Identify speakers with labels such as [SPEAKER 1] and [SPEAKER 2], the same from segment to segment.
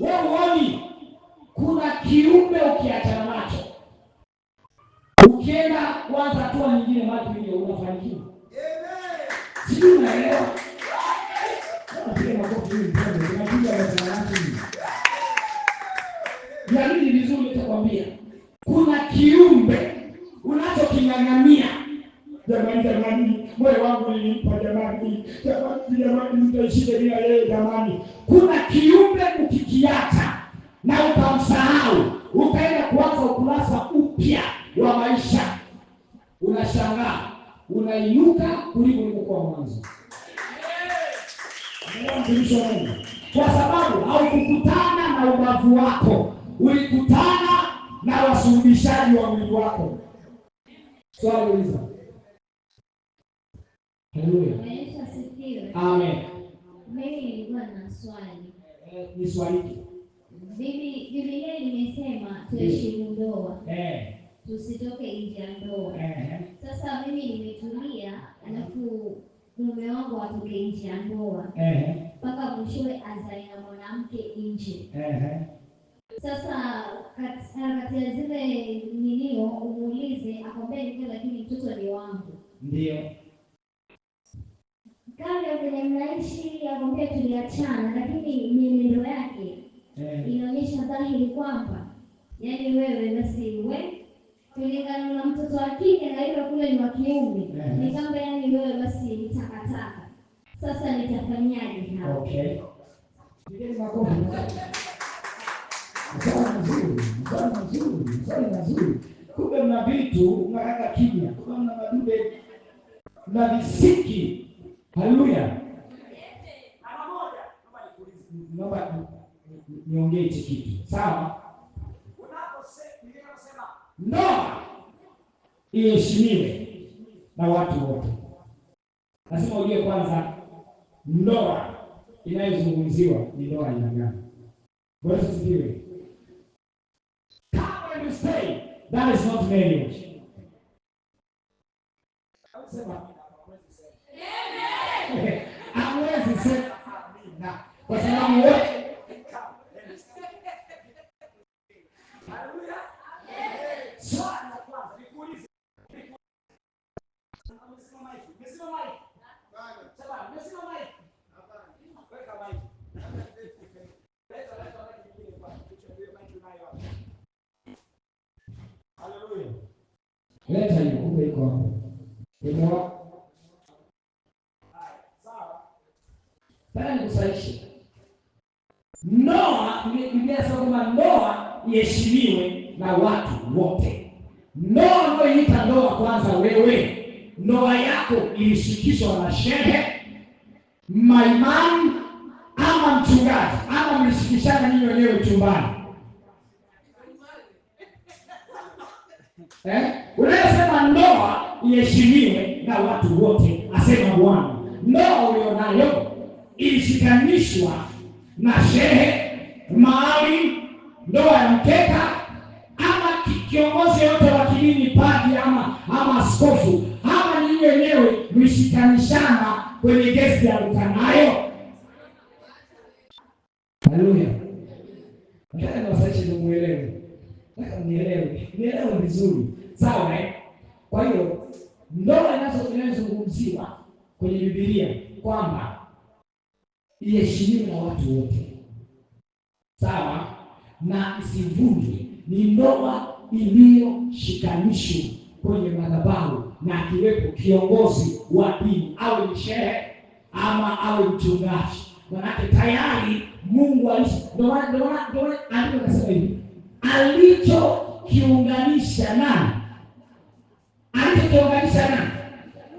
[SPEAKER 1] wewe kuna kiumbe ukiachana nacho ukienda kwanza hatua nyingine maji ile unafanikiwa.
[SPEAKER 2] Amen.
[SPEAKER 1] Sijui unaelewa. Napiga vizuri nitakwambia. Kuna kiumbe unachoking'ang'ania. Jamani jamani, moyo wangu nilimpa jamani. Jamani jamani, bila unashangaa, unainuka kuliko ulivyokuwa mwanzo, kwa sababu haukukutana na ubavu wako, ulikutana na wasulubishaji wa mwili wako. Swali uliza.
[SPEAKER 3] Mimi eh, Biblia imesema tuheshimu ndoa. Eh tusitoke nje ya ndoa. Sasa mimi nimetulia, alafu mume wangu atoke nje ya ndoa eh. mpaka mwishowe azae na mwanamke nje. Eh. Sasa katika ah, zile ninio umuulize akwambia nivyo, lakini mtoto ni wangu, ndio kale kwenye mnaishi, akwambia tuliachana, lakini mienendo yake eh. inaonyesha dhahiri kwamba, yaani wewe basi wewe kulingana na mtoto wa kike na ile kule ni wa kiume, ni yani wewe basi ni takataka. Sasa nitafanyaje
[SPEAKER 1] hapo? Kumbe mna vitu mnakaka kimya, kumbe mna madude, mna visiki. Haleluya! Naomba niongee hichi kitu sawa Ndoa iheshimiwe na watu wote. Lazima ujue kwanza ndoa inayozungumziwa ni ndoa aina gani. Bwana asifiwe. Come and say that is not marriage. Amwezi sema amina kwa sababu wote Leta hiyo, kumbe iko hapo. Sawa. tena nikusahishe. Noa, ni Biblia inasema kwamba ndoa iheshimiwe na watu wote. Noa ndio unayoita ndoa, kwanza wewe ndoa yako ilishikishwa na shehe, maimamu ama mchungaji, ama mlishikishana nyinyi wenyewe chumbani eh? Unayosema ndoa iheshimiwe na watu wote, asema Bwana. Ndoa ulionayo ilishikanishwa na shehe, mahali, ndoa ya mkeka ama kiongozi yote wa kidini, padri ama ama askofu ama ninyi wenyewe mlishikanishana kwenye gesti ya Lukanayo. Haleluya. Nataka niwasaidie muelewe. Nataka nielewe. Nielewe vizuri. Sawa eh? Kwa hiyo ndoa inazo inayozungumziwa kwenye Biblia kwamba iheshimiwe na watu wote. Sawa? Na isivunjwe. Ni ndoa iliyoshikanishwa kwenye madhabahu na akiwepo kiongozi wa dini, awe ni shehe ama awe mchungaji. manake tayari Mungu alisi, ndio maana ndio maana andiko anasema hivi alichokiunganisha nani? Alichokiunganisha nani?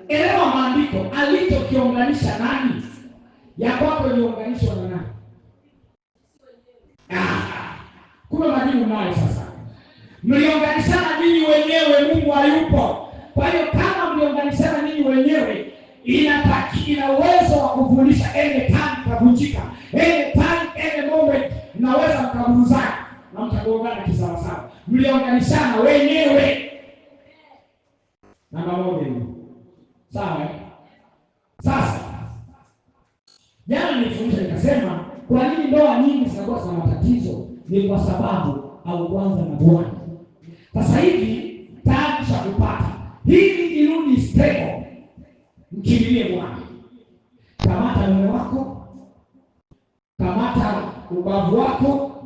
[SPEAKER 1] Elewa maandiko, alichokiunganisha nani? Ya kwako iliunganishwa na nani? Ah, kuna majibu nayo sasa. mlionganishana ninyi wenyewe, Mungu hayupo. Kwa hiyo kama mlionganishana ninyi wenyewe, inataki ina uwezo wa kufundisha ene tani kavunjika, ene tani ene moment, naweza mkavunzana hamtagongana kisawasawa, mlionganishana wenyewe. Namba moja hiyo, sawa. Eh? Sasa jana nilifundisha nikasema, kwa nini ndoa nyingi zinakuwa zina matatizo? Ni kwa sababu au kwanza na Bwana. Sasa hivi cha kupata hili irudi stable, mkimbilie Bwana. Kamata mume wako, kamata ubavu wako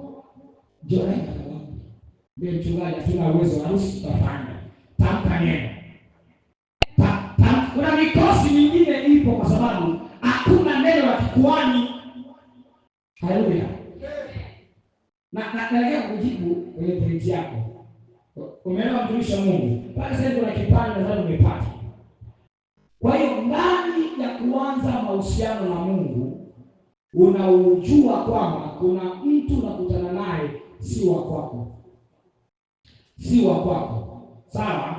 [SPEAKER 1] Jorai atakwambia. Mbele mchungaji hatuna uwezo na nusu tutafanya. Tamka neno. Kuna mikosi mingine ipo kwa sababu hakuna neno la kikuani. Haleluya. Na na kujibu kwenye pointi yako. Umeelewa mtumishi wa Mungu? Pale sasa kuna kipande nadhani umepata. Kwa hiyo ndani ya kuanza mahusiano na Mungu unaujua kwamba kuna mtu unakutana naye si wa kwako, si wa kwako. Sawa,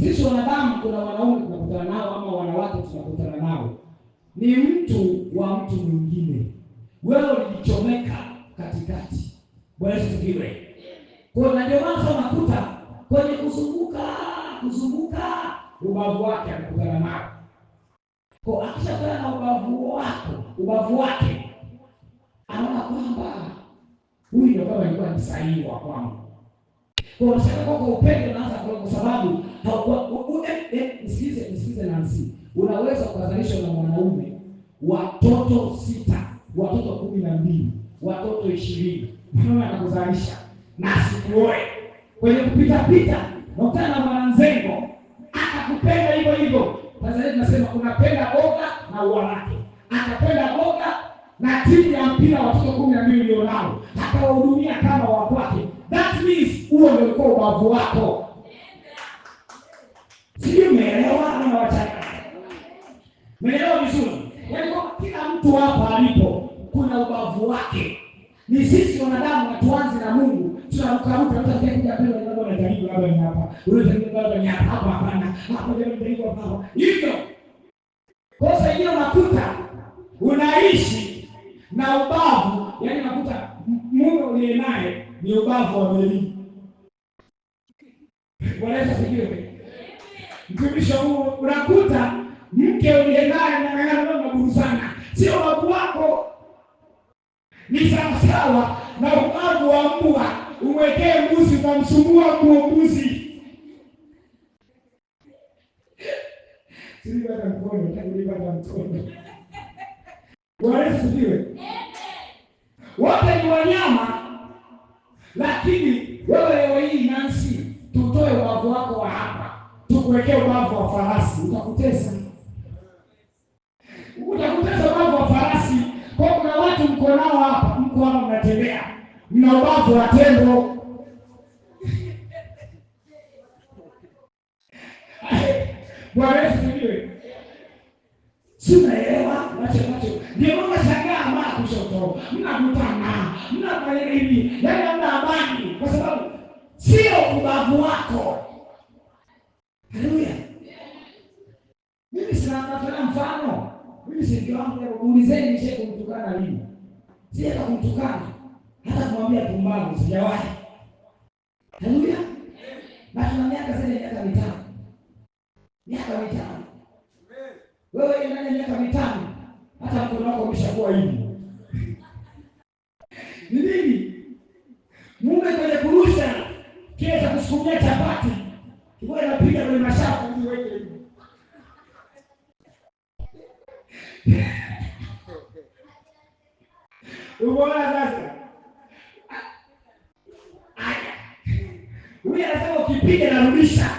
[SPEAKER 1] sisi wanadamu, kuna wanaume tunakutana nao ama wanawake tunakutana nao, ni mtu wa mtu mwingine. Wewe ulijichomeka katikati. Bwana Yesu asifiwe. Kwa na ndio maana unakuta kwenye kuzunguka kuzunguka, ubavu wake anakutana nao kwa akishakutana na ubavu wako ubavu wake anaona kwamba Huyu ndio kama alikuwa ni sahihi wa kwangu. Kwa sababu kwa upendo unaanza kwa sababu haukuwa nisikize eh, eh, nisikize Nancy. Unaweza kuzalisha na mwanaume watoto sita, watoto kumi na mbili, watoto ishirini. Mwanaume anakuzalisha na sikuoe. Kwenye kupita pita, nakutana na mwanzengo akakupenda hivyo hivyo. Tanzania tunasema unapenda boga na uwanake. Akapenda boga na timu ya mpira wa watoto kumi na mbili ulionao kama wa wake. That means huo ndio ulikuwa ubavu wako. Sijui umeelewa ama wachana, umeelewa vizuri? Yaani kila mtu hapa alipo kuna ubavu wake. Ni sisi wanadamu hatuanzi na Mungu, tunarukaruka hivyo. Kosa hiyo unakuta unaishi na ubavu, yani nakuta mume uliye naye ni ubavu wa mwili. Bwana sikiwe mtumishi huu, unakuta mke uliye naye na nang'ang'ana maguru sana, sio wavu wako, ni sawa sawa na ubavu wa mbwa. Umwekee mbuzi, utamsumbua nguo mbuzi siliata mkono takulipata mkono. Wanaweza sikiwe wote ni wanyama, lakini wewe leo hii Nancy, tutoe ubavu wako wa hapa, tukuwekee ubavu wa farasi, utakutesa utakutesa ubavu wa farasi. Kwa kuna watu mko nao hapa, mko hapa mnatembea, mna ubavu wa tembo Bwana Yesu ndiye. Sinaelewa macho macho. Ndio mama kushoto, mnakutana, mnafanya nini, yaani hamna amani, kwa sababu sio ubavu wako. Haleluya! Mimi sinafanya mfano, mimi si wangu, yaani ulizeni mshe kumtukana lini? Sijaka kumtukana hata kumwambia pumbavu, sijawahi. Haleluya! Basi na miaka zile miaka mitano, miaka mitano. Wewe nani, miaka mitano, hata mkono wako umeshakuwa hivi kwenye mashavu uweke Umeona sasa? Aya. Huyu anasema ukipiga narudisha.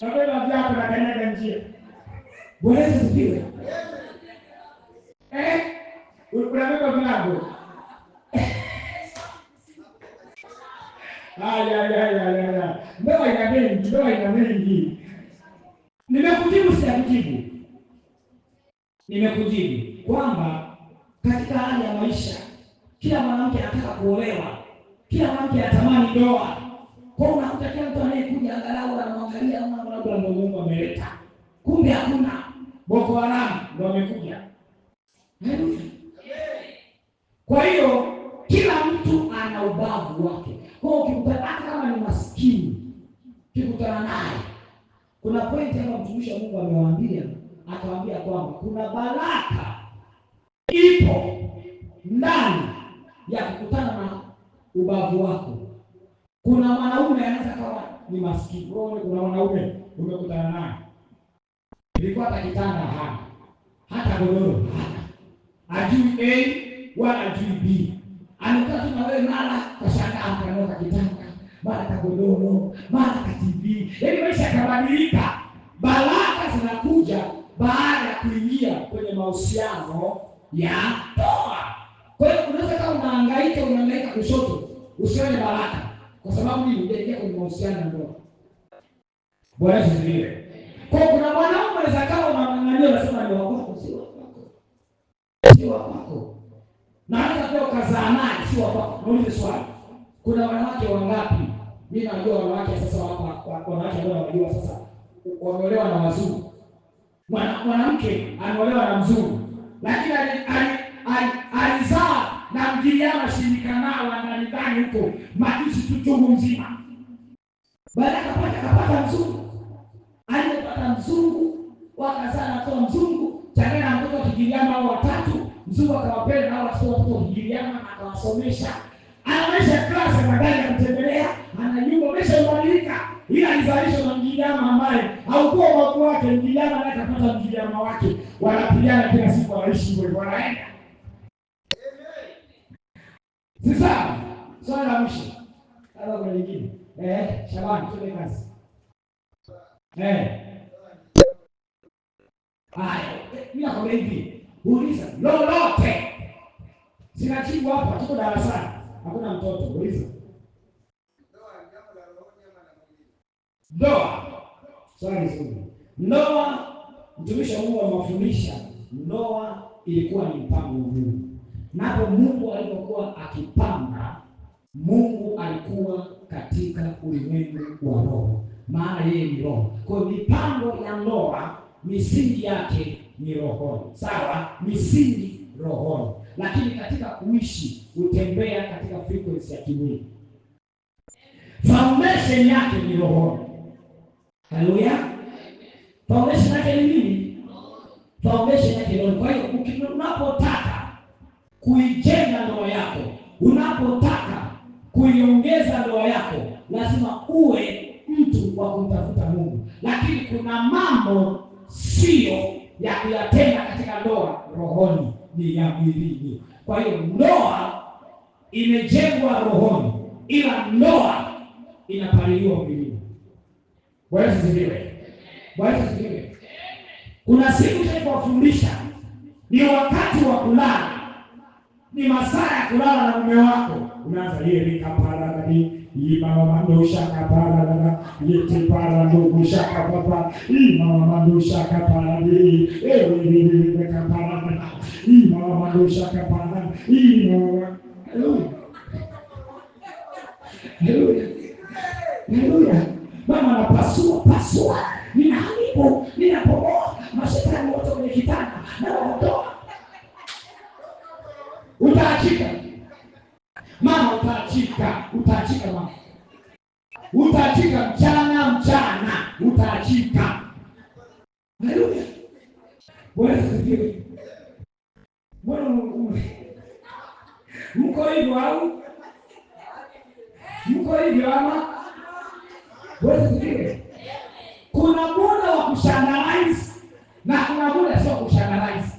[SPEAKER 1] Napenda vyako na kanyaga njia. Bwana Yesu sifiwe. Eh? Unabeba vilago. Aya, aya, aya, aya, aya. Ndoa ina mengi, ndoa ina mengi. Nimekujibu, sijakujibu? Nimekujibu kwamba katika hali ya maisha kila mwanamke anataka kuolewa, kila mwanamke anatamani ndoa. Kwa hiyo unakuta kila mtu anayekuja angalau anamwangalia mama, labda ndio Mungu ameleta, kumbe hakuna. Boko Haram ndio amekuja. Haleluya. Kuna pointi hapa mtumishi Mungu amewaambia, akawaambia kwamba kuna baraka ipo ndani ya kukutana na ubavu wako. Kuna mwanaume anaweza kawa ni maskini, wewe kuna mwanaume umekutana naye, ilikuwa hata kitanda hana, hata godoro hana, ajui A wala ajui B, amekaa tu na wewe, mara kashangaa, akanaweka kitanda mara kagodoro, mara ka TV, yaani maisha yakabadilika. Baraka zinakuja baada ya kuingia kwenye mahusiano ya ndoa. Kwa hiyo unaweza kama unahangaika unahangaika kushoto, usione baraka kwa sababu nini? Hujaingia kwenye mahusiano ya ndoa. Bwana Yesu asifiwe. Kwa kuna mwanaume anaweza kama unamwangalia unasema ni wako, si wako, si wako, na hata kwa kazaa naye si wako. Muulize swali kuna wanawake wangapi? Mimi najua wanawake sasa wako wanawake ambao wanajua sasa wameolewa na wazungu. Mwanamke anaolewa na mzungu. Lakini alizaa na Mgiriama shirikanao analidhani huko majusi tu chungu mzima. Baada akapata akapata mzungu. Alipata mzungu, wakazaa na kwa mzungu, changanya na mtoto wa Kigiriama au watatu, mzungu akawapenda hao watoto wa Kigiriama akawasomesha anaonyesha klasa na gari anatembelea, anajua ameshabadilika, ila alizalishwa na mjigama ambaye haukuwa wako wake. Mjigama naye atapata mjigama wake, wanapigana kila siku, wanaishi hivyo, wanaenda si sawa. Swali la mwisho sasa, kwa nyingine eh, Shabani, tuende kazi eh. Haya, eh, mimi nakwambia hivi, uliza lolote, sina sinajibu hapa, tuko darasani hakuna mtoto. Uliza ndoa, swali zuri. Ndoa, mtumishi wa Mungu amewafundisha ndoa ilikuwa ni mpango wa Mungu, napo Mungu alipokuwa akipanga, Mungu alikuwa katika ulimwengu wa roho, maana yeye ni roho. Kwa hiyo mipango ya ndoa misingi yake ni rohoni, sawa? Misingi rohoni lakini katika kuishi utembea katika frequency ya kimwili. Foundation yake ni rohoni. Haleluya! Foundation yake ni nini? Foundation yake ni Kwa hiyo unapotaka kuijenga roho yako, unapotaka kuiongeza ndoa yako, lazima uwe mtu wa kumtafuta Mungu, lakini kuna mambo sio ya kuyatenda katika ndoa rohoni ni ya mwilini. Kwa hiyo ndoa imejengwa rohoni, ila ndoa inapaliliwa mwilini. Bwana asifiwe. Bwana asifiwe. Kuna siku kuwafundisha ni wakati wa kulala, ni masaa ya kulala na mume wako, unaanza yeye kapala nani imamamando shakapararara yeteparandogo shakapapa imamamando shakaparade ewereeekaparana imamamando shakapara imama Haleluya. Mama anapasua pasua, ninaharibu, ninapomoa mashetani wote kwenye kitanda na waondoa. Utaachika mama utaachika, utaachika mama, utaachika mchana mchana, utaachika. Haleluya, Bwana asifiwe. Mbona mko hivyo au mko hivyo ama? Bwana asifiwe. Kuna muda wa kushangalize na kuna muda sio kushangalize.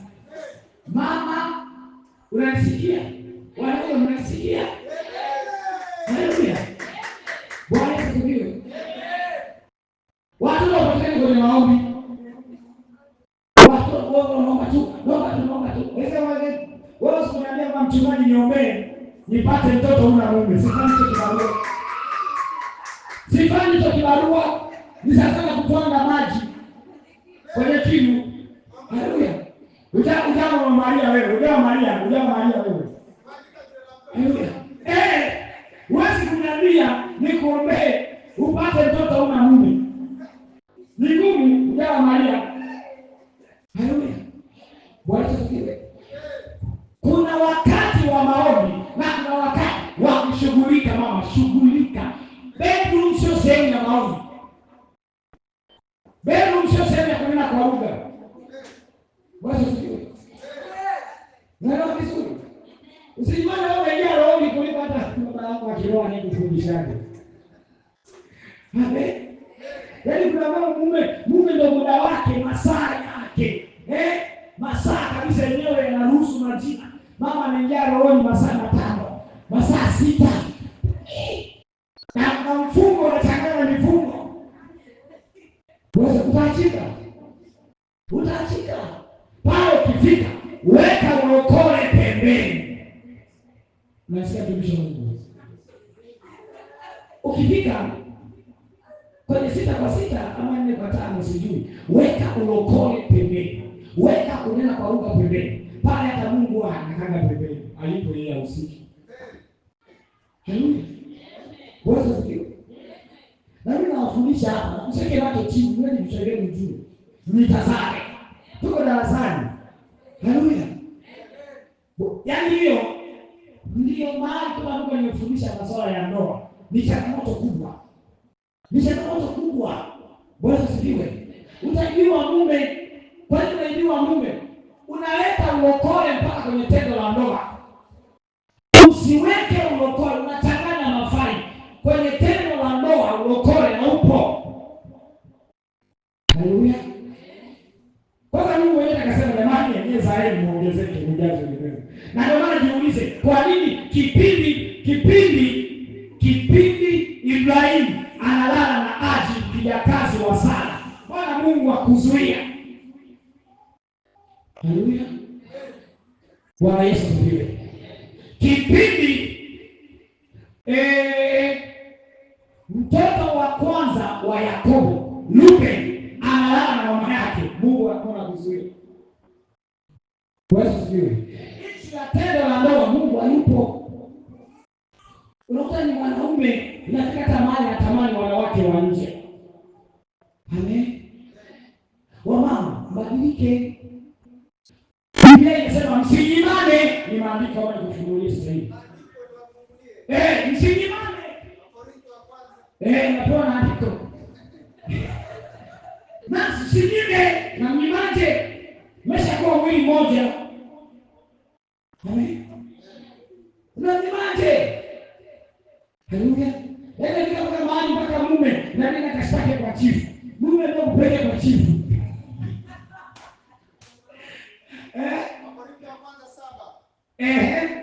[SPEAKER 1] Mama, unanisikia? Wanaume, unanisikia? niombee nipate mtoto mume. Sifanyi hicho kibarua, sifanyi hicho kibarua. Ni sasa kutwanga maji kwenye kinu. Haleluya! uja ujao wa Maria wewe, uja ujao Maria, uja ujao Maria wewe. Haleluya! Eh, wewe kuniambia nikuombee upate mtoto una mume. Ni ngumu Uja ujao Maria. Haleluya! Bwana asifiwe. Kuna wakati wakati wa maombi na kuna wakati wa kushughulika. Mama, shughulika. Bedroom sio sehemu ya maombi. Bedroom sio sehemu ya kunena kwa lugha. Basi sio. Naona vizuri. Usimame wewe unaingia rohoni kuliko hata baba yako wa kiroho anayekufundishaje. Amen. Yaani kuna mama mume, mume ndio muda wake, masaa yake. Eh? Masaa kabisa yenyewe yanaruhusu majina mama anaingia rohoni masaa matano masaa sita na, na mfungo unachangana mifungo, utaachika utaachika pale. Ukifika weka uokole pembeni, nasikia tumisha Mungu. Ukifika kwenye sita kwa sita ama nne kwa tano sijui, weka ulokole pembeni, weka kunena kwa uga pembeni pale, hata Mungu anakaa pembeni alipo yeye ahusiki. Wewe sikio. Na mimi nawafundisha hapa, mshike wake chini, mwe mshike mjue. Nitazame. Tuko darasani. Haleluya. Yaani hiyo ndio maana kama Mungu nimefundisha masuala ya ndoa. Ni changamoto kubwa. Ni changamoto kubwa. Bwana sikiwe. Utajua mume, Kwa kwani unajua mume unaleta uokole mpaka kwenye tendo la ndoa. Usiweke uokole, unachanganya mafai kwenye tendo la ndoa. Uokole na upo haleluya. Kwanza Mungu mwenyewe akasema, jamani, yenyewe zaeni muongezeke, mjaze ulimwengu. Na ndio maana jiulize, kwa nini kipindi kipindi kipindi Haleluya. Bwana Yesu ndiye. Kipindi eh, mtoto wa kwanza wa Yakobo Rubeni analala na mama yake, Mungu akaona vizuri. Bwana Yesu. Hichi la tendo la ndoa Mungu alipo. Unakuta ni mwanaume inafika tamani atamani wanawake wa nje. Amen. Wamama, mbadilike. Biblia inasema msinyimane, ni maandiko ambayo kufungulia sasa hivi. Eh, msinyimane. Eh, napewa na Na msinyime na mnyimaje? Mmeshakuwa mwili mmoja. Amen. Unanimaje? Haleluya. é